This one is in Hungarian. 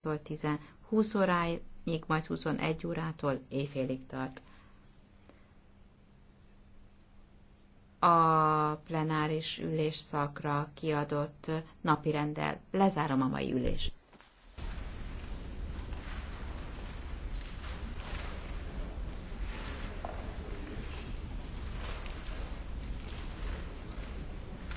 tól 10, 20 óráig, majd 21 órától éjfélig tart. A plenáris ülés szakra kiadott napirendel lezárom a mai ülést.